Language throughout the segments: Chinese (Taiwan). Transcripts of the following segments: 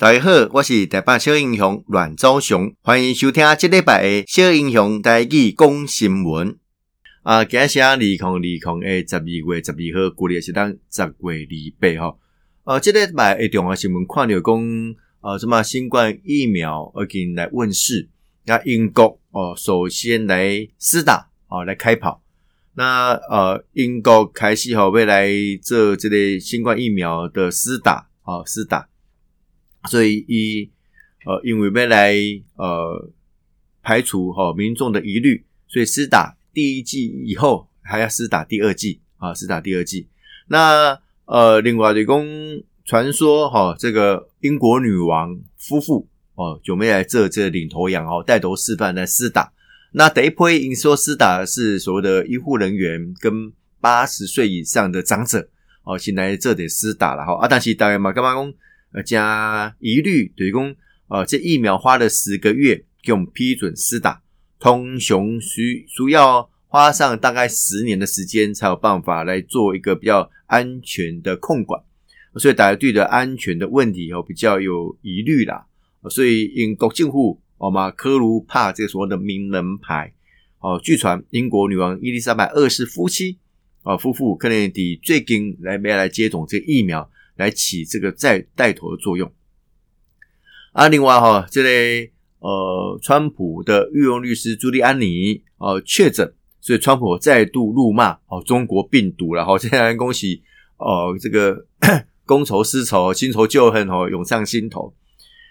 大家好，我是台北小英雄阮昭雄，歡迎收聽這禮拜嘅小英雄大家講新聞、啊啊。啊，今仔日二零二零誒十二月十二號，過年是當十月二八號。哦，這禮拜誒重要新聞，看到講，呃，什麼新冠疫苗已經來問世。那英國哦、啊，首先來施打，哦、啊，來開跑。那呃、啊，英國開始好要來做這個新冠疫苗的施打，哦、啊，施打。所以，以呃，因為沒來呃，排除哈民眾的疑慮，所以施打第一劑以後，還要施打第二劑，啊，施打第二劑。那呃，另外，據公傳說哈，這個英國女王夫婦哦，就沒來這這領頭羊哦，帶頭示範來施打。那第一批聽說施打是所謂的醫護人員跟八十歲以上的長者哦，先來這裡施打了哈。啊，但是當然嘛，幹嘛說而加疑慮對公，呃，這疫苗花了十個月給我們批准，施打，通常需要需要花上大概十年的時間才有辦法來做一個比較安全的控管，所以大家對這安全的問題有、呃、比較有疑慮啦、呃。所以英國政府，好、呃、嘛，科魯帕這個、所謂的名人牌，哦、呃，據傳英國女王伊麗莎白二世夫妻，啊、呃，夫婦可能最近來沒來接種這個疫苗。來起這個再帶頭的作用啊！另外哈、哦，這類呃，川普的御用律師朱利安尼啊，呃、確診，所以川普再度怒罵哦，中國病毒了哈！接下來恭喜呃，這個公仇私仇，新仇舊恨哦，湧上心頭。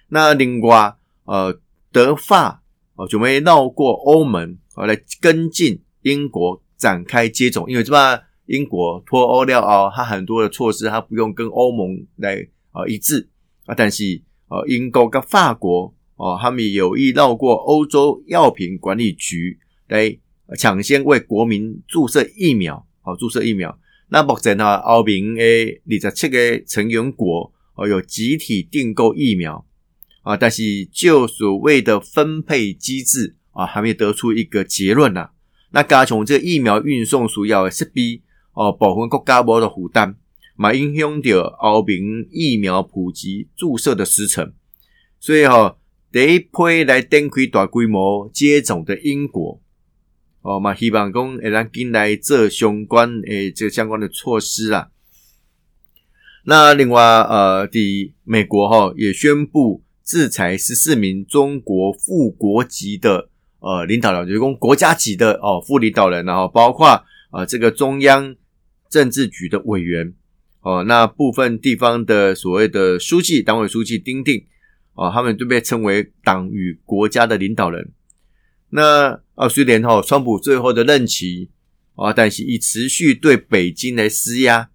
那另外呃，德法啊準備繞過歐盟啊，哦，來跟進英國展開接種，因為這把。英國脫歐料啊，他很多的措施他不用跟歐盟來啊一致啊，但是呃英國跟法國哦，他們有意繞過歐洲藥品管理局來搶先為國民注射疫苗好，注射疫苗。那目前呢，歐盟的二十七個成員國哦有集體訂購疫苗啊，但是就所謂的分配機製啊，還沒得出一個結論呢、啊。那加強這個疫苗運送主藥還是逼。哦，保護國家無的負擔，嘛影響着歐盟疫苗普及注射的時程，所以吼、哦，第一批來登記大規模接種的英國，哦嘛，希望講誒咱進來做相關誒這個相關的措施啦。那另外呃，第美國哈、哦、也宣布制裁十四名中國副國級的呃領導人，尤、就、共、是、國家級的哦副領導人，然後包括啊、呃、這個中央。政治局的委員哦，那部分地方的所謂的書記、黨委書記等等哦，他們都被稱為黨與國家的領導人。那啊，雖然哈、哦，川普最後的任期啊，但是以持續對北京來施壓，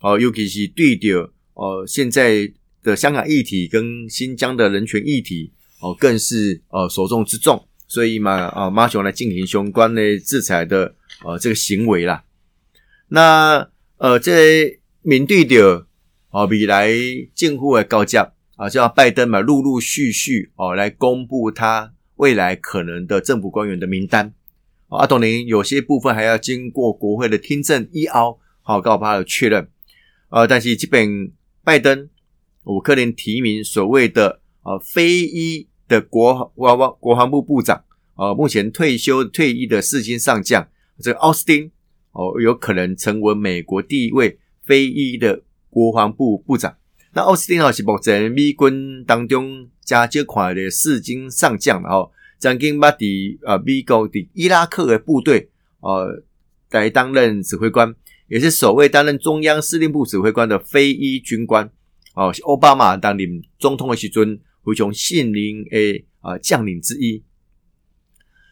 哦、啊，尤其是對掉哦、啊、現在的香港議題跟新疆的人權議題哦、啊，更是呃重中之重，所以嘛，啊，馬上來進行相關的制裁的呃、啊、這個行為啦。那呃，這面對的，呃、啊，未來近乎的高價啊，叫拜登嘛，陸陸續續哦、啊、來公布他未來可能的政府官員的名單啊。當然，有些部分還要經過國會的聽證、一凹好告發的確認啊。但是，基本拜登烏克林提名所謂的啊非裔的國、啊、國防部部長啊，目前退休退役的四星上將，這個奧斯汀。哦，有可能成為美國第一位非裔的國防部部長。那奧斯汀哦是目前美軍當中加這快的四星上將，然後曾經馬，馬蒂呃美國在伊拉克的部隊呃來擔任指揮官，也是首位擔任中央司令部指揮官的非裔軍官哦。奧巴馬當年總統是尊非常信任誒啊將領之一。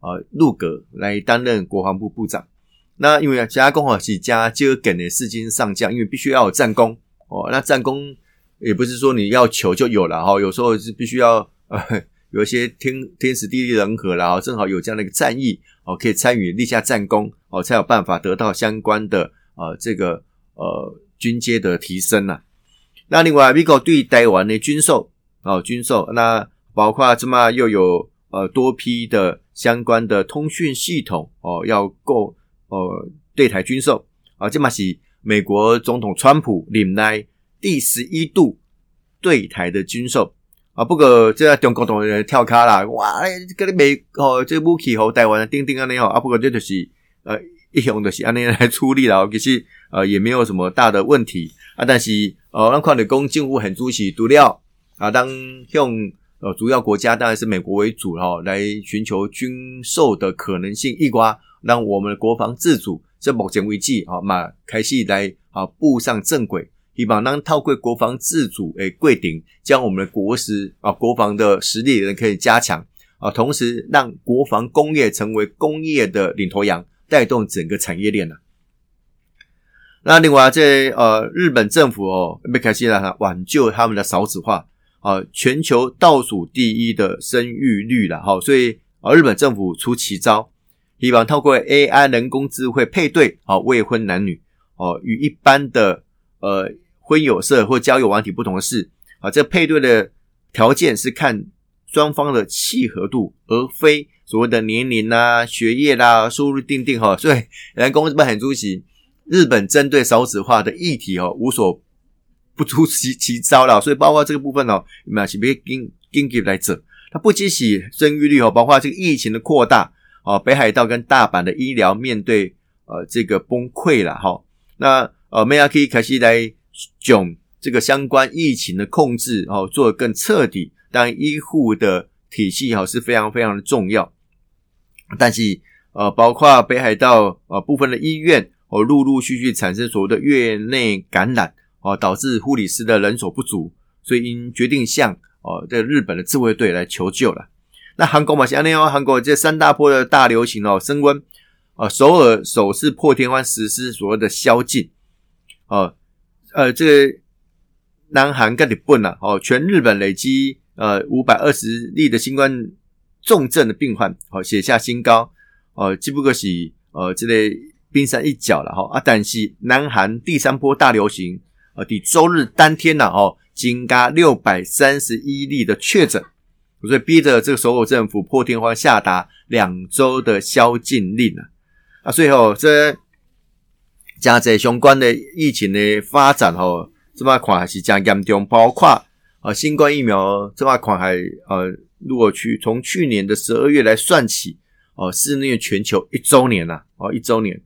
呃，入閣、哦、來擔任國防部部長。那因為啊，加工哦，是加就要根的四星上將，因為必須要有戰功哦。那戰功也不是說你要求就有了哈、哦，有時候是必須要呃，有一些天天時地利人和然後、哦、正好有這樣的一個戰役哦，可以參與立下戰功哦，才有辦法得到相關的呃這個呃軍階的提升吶。那另外美國對台灣的軍售哦，軍售那包括這麼又有。呃，多批的相關的通訊系統哦、呃，要購，呃對台軍售啊，這嘛是美國總統川普任內，第十一度對台的軍售啊。不過這、啊、中國當然跳卡啦，哇，這個美哦，這個武器吼台灣叮叮安尼好，啊，不過這就是呃，一向的是安尼來處理啦。其實呃也沒有什麼大的問題啊，但是呃咱看到工進屋很支持，都料啊，當用呃，主要國家當然是美國為主哈，來尋求軍售的可能性一刮。一瓜讓我們的國防自主這目前為止啊，嘛開始來啊步上正軌，希望讓套櫃國防自主誒櫃頂，將我們的國實啊國防的實力呢可以加強啊，同時讓國防工業成為工業的領頭羊，帶動整個產業鏈呢、啊。那另外這呃日本政府哦，被開始來挽救他們的少子化。啊，全球倒數第一的生育率了，哈，所以啊，日本政府出奇招，以往透過 AI 人工智慧配對，好、啊、未婚男女，哦、啊，與一般的呃婚友社或交友網體不同的是，啊，這配對的條件是看雙方的契合度，而非所謂的年齡吶、啊、學業啦、啊、收入定定哈、啊，所以人工智慧很出奇，日本針對少子化的議題哦、啊，無所。不足其其招啦，所以包括這個部分哦，沒有是被緊緊急來整。它不只是生育率哦，包括這個疫情的擴大哦，北海道跟大阪的醫療面對呃這個崩潰了哈。那呃，美雅基開始來講這個相關疫情的控制哦，做得更徹底。當然醫護的體系哦是非常非常的重要。但是呃，包括北海道呃部分的醫院哦，陸陸續續產生所謂的院內感染。哦，導致護理師的人手不足，所以已經決定向哦這個日本的自衛隊來求救了。那韓國嘛，先安利哦，韓國這三大波的大流行哦，升溫呃，首爾首次破天荒實施所謂的宵禁。哦，呃，這個南韓跟日本吶，哦，全日本累積呃五百二十例的新冠重症的病患，哦寫下新高。哦，只不過是呃這類冰山一角了哈。啊，但是南韓第三波大流行。啊，第周日當天吶、啊，哦、啊，增加六百三十一例的確診，所以逼着這個首爾政府破天荒下達兩周的宵禁令啊，啊所以、啊、這加在相關的疫情的發展哦、啊，這麼款還是這樣嚴重，包括啊，新冠疫苗這麼款還呃，如果去從去年的十二月來算起哦、啊，是那個全球一周年吶，哦，一周年。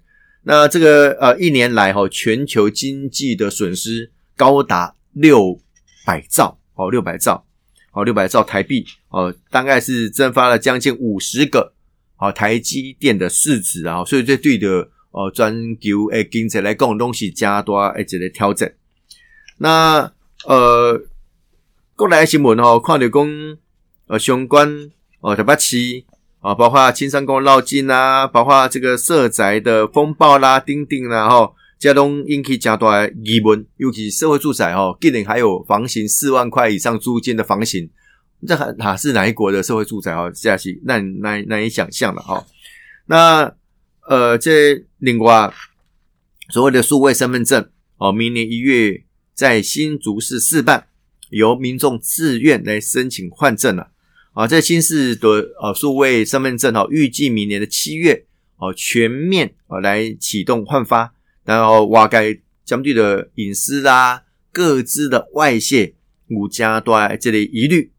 那這個呃，一年來吼，全球經濟的損失高達六百兆哦，六百兆哦，六百兆台幣哦、呃，大概是蒸發了將近五十個哦、呃，台積電的市值啊，所以這對的哦，全球誒經濟來講，東西加大一級的調整。那呃，過來的新聞吼，看到講呃，相關哦，台北市。啊，包括青山宮繞境啦，包括這個社宅的風暴啦、啊、釘釘啦，吼，加多引起很大的疑問，尤其社會住宅吼、啊，竟然還有房型四萬塊以上租金的房型，這哪是哪一國的社會住宅哦、啊，下去難難難以想象了哈、啊。那呃，這另外所謂的數位身分證，哦、啊，明年一月在新竹市試辦，由民眾自願來申請換證了、啊。啊，這新式的哦、啊，數位身份證哦、啊，預計明年的七月哦、啊，全面哦、啊、來啟動換發，然後挖蓋相對的隱私啦、啊，個資的外洩，五家多這類疑慮。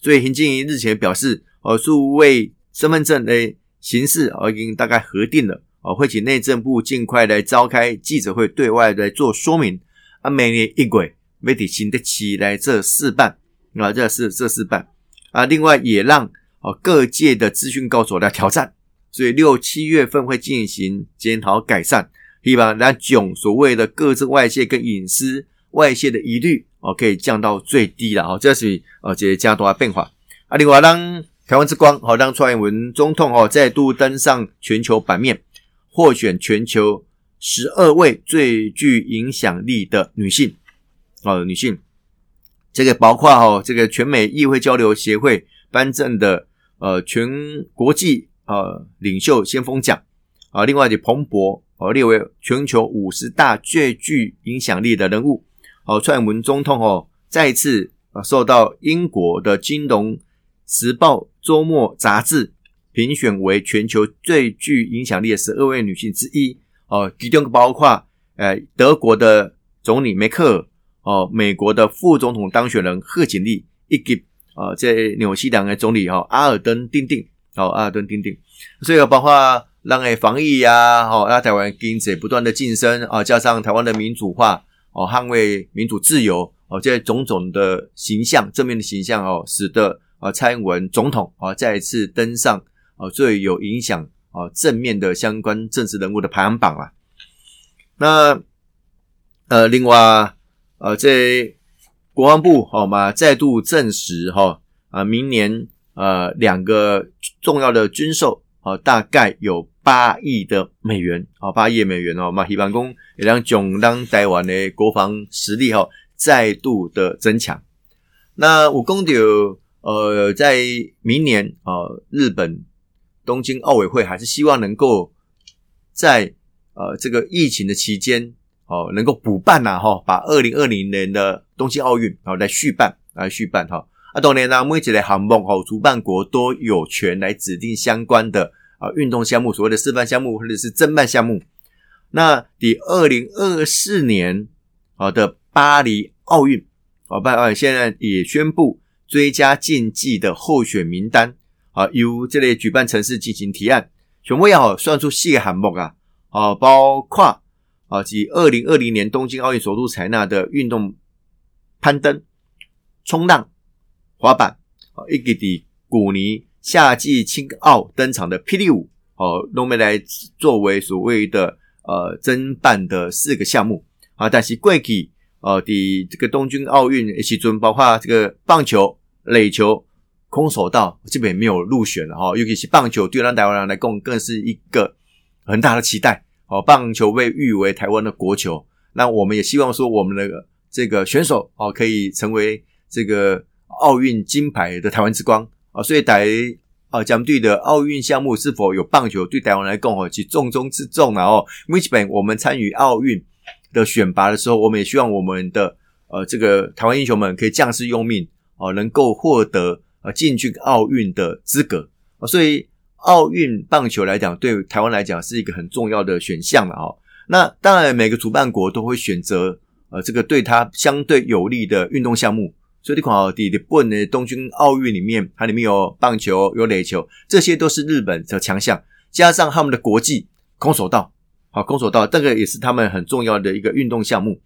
所以，行政院日前表示，哦、啊，數位身份證的形式哦、啊、已經大概核定了哦、啊，會請內政部盡快來召開記者會，對外來做說明。啊，明年一月，新竹市來試辦，啊，這是這試辦。啊，另外也讓哦各界的資訊告訴我來挑戰，所以六七月份會進行檢討改善，希望讓囧所謂的各自外洩跟隱私外洩的疑慮哦可以降到最低了哦，這是哦這些加多大變化。啊，另外當台灣之光，好、哦、讓蔡英文總統哦再度登上全球版面，獲選全球十二位最具影響力的女性哦女性。這個包括哦，這個全美議會交流協會頒證的呃全國際呃領袖先鋒獎啊，另外就彭博哦列為全球五十大最具影響力的人物好。蔡英文總統哦再次受到英國的金融時報周末雜誌評選為全球最具影響力的十二位女性之一哦，其中包括呃德國的總理梅克爾。哦，美國的副總統當選人賀錦麗，以及啊，在、呃、紐西蘭的總理哈、哦、阿爾登丁丁，哦阿爾登丁丁，所以包括讓誒防疫呀、啊，哦讓、啊、台灣經濟不斷的晉升，啊加上台灣的民主化，哦捍衛民主自由，哦這種種的形象，正面的形象哦，使得啊蔡英文總統啊、哦、再一次登上啊、哦、最有影響啊、哦、正面的相關政治人物的排行榜啊。那呃，另外。呃，這國防部哈、哦、嘛再度證實哈、哦、啊，明年呃兩個重要的軍售哈、哦，大概有八億的美元啊，八、哦、億的美元哦嘛，一般講也讓囧當台灣的國防實力哈、哦、再度的增強。那我公調呃，在明年啊、哦，日本東京奧委會還是希望能夠在呃這個疫情的期間。哦，能夠補辦吶，哈，把二零二零年的東京奧運，好來續辦，來續辦哈。啊，當然呢、啊，每一類項目，哈，主辦國都有權來指定相關的啊運動項目，所謂的示範項目或者是正辦項目。那第二零二四年，好的巴黎奧運，好辦，啊，現在也宣布追加競技的候選名單，啊，由這類舉辦城市進行提案，全部要算出四個項目啊，啊，包括。啊，即二零二零年東京奧運首度採納的運動，攀登、衝浪、滑板啊，以及的古尼夏季青奧登場的霹靂舞，哦，都沒來作為所謂的呃，增辦的四個項目啊。但是過去，呃、啊、的這個東京奧運其中，包括這個棒球、壘球、空手道，基本沒有入選了哈、啊。尤其是棒球，對讓台灣人來講更是一個很大的期待。哦，棒球被譽為台灣的國球，那我們也希望說我們的這個選手哦，可以成為這個奧運金牌的台灣之光啊。所以台啊，將對的奧運項目是否有棒球，對台灣來講哦，其重中之重，然後每一年我們參與奧運的選拔的時候，我們也希望我們的呃，這個台灣英雄們可以將士用命哦，能夠獲得呃進軍奧運的資格啊。所以。奧運棒球來講，對台灣來講是一個很重要的選項了啊。那當然，每個主辦國都會選擇呃，這個對他相對有利的運動項目。所以你看啊，日本的東京奧運裡面，它裡面有棒球、有壘球，這些都是日本的強項。加上他們的國際空手道，好、啊，空手道這個也是他們很重要的一個運動項目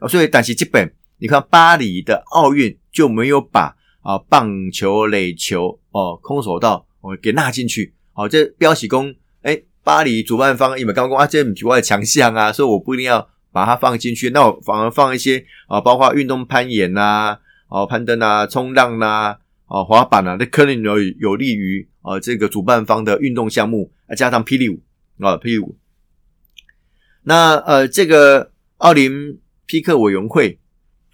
啊。所以，但是基本你看巴黎的奧運就沒有把啊棒球、壘球哦、啊，空手道我、啊、給納進去。好，這標題功，誒，巴黎主辦方你沒有高光啊，這很奇怪的強項啊，所以我不一定要把它放進去。那我反而放一些啊，包括運動攀岩吶，啊，攀登啊，衝浪吶、啊，啊，滑板啊，這可能有有利於啊這個主辦方的運動項目，5, 啊，加上霹靂舞啊，霹靂舞。那呃，這個奧林匹克委員會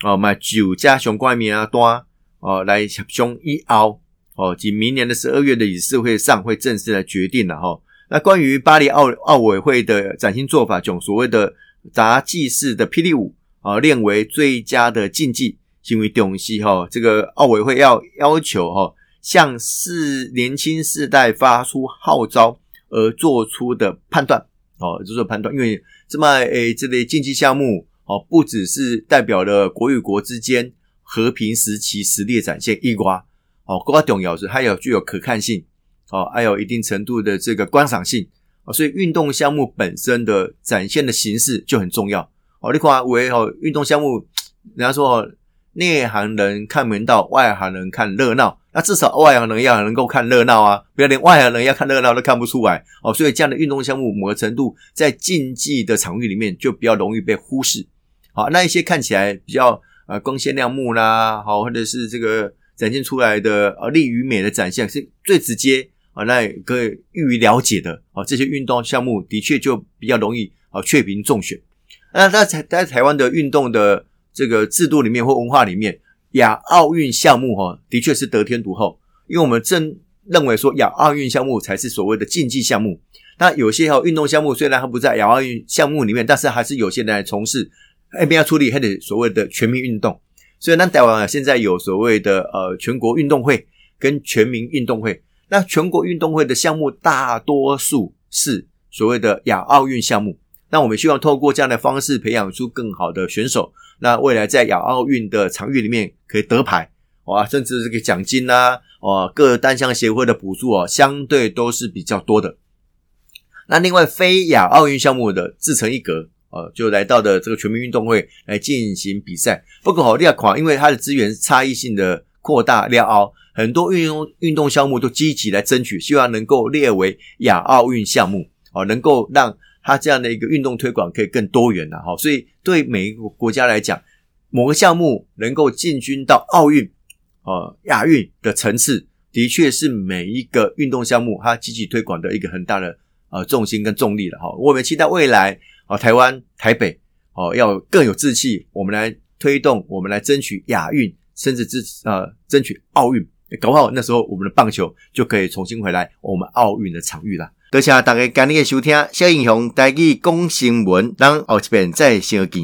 啊，買九家熊怪名單啊，來熊一以哦，僅明年的十二月的理事會上會正式來決定了哈、哦。那關於巴黎奧奧委會的嶄新做法，將所謂的雜技式的霹靂舞啊列、哦、為最佳的競技行為東西哈。這個奧委會要要求哈、哦，向世年輕世代發出號召而做出的判斷，哦，做、就、出、是、判斷，因為這麼誒這類競技項目哦，不只是代表了國與國之間和平時期實力的展現一瓜。哦，更加重要是，它有具有可看性，哦，還有一定程度的這個觀賞性，啊、哦，所以運動項目本身的展現的形式就很重要。哦，你看啊、哦，為哦運動項目，人家說、哦、內行人看門道，外行人看熱鬧，那至少外行人要能夠看熱鬧啊，不要連外行人要看熱鬧都看不出來，哦，所以這樣的運動項目某個程度在競技的場域裡面就比較容易被忽視。好、哦，那一些看起來比較呃光鮮亮麗啦，好，或者是這個。展現出來的呃力與美的展現是最直接啊，那也可以易於了解的啊。這些運動項目的確就比較容易啊，雀屏中選。那在在台灣的運動的這個制度裡面或文化裡面，亞奧運項目哈，的確是得天獨厚，因為我們正認為說亞奧運項目才是所謂的競技項目。那有些還運動項目雖然它不在亞奧運項目裡面，但是還是有些人來從事，哎，b a 出力，還得所謂的全民運動。所以那台灣啊，現在有所謂的呃全國運動會跟全民運動會。那全國運動會的項目大多數是所謂的亞奧運項目。那我們希望透過這樣的方式培養出更好的選手，那未來在亞奧運的場域裡面可以得牌，哇，甚至這個獎金吶，哦，各單項協會的補助哦，相對都是比較多的。那另外非亞奧運項目的自成一格。呃，就來到的這個全民運動會來進行比賽。不過，好厲害！況因為它的資源差異性的擴大，亞奧很多運動運動項目都積極來爭取，希望能夠列為亞奧運項目哦，能夠讓它這樣的一個運動推廣可以更多元的哈、哦。所以，對每一個國家來講，某個項目能夠進軍到奧運、呃亞運的層次，的確是每一個運動項目它積極推廣的一個很大的呃重心跟重力了哈、哦。我們期待未來。啊，台灣台北，哦，要更有志氣，我們來推動，我們來爭取亞運，甚至支持啊、呃，爭取奧運，搞不好那時候我們的棒球就可以重新回來我們奧運的場域了。多謝大家今天的收聽小英雄帶你講新聞，讓我們下次再相見。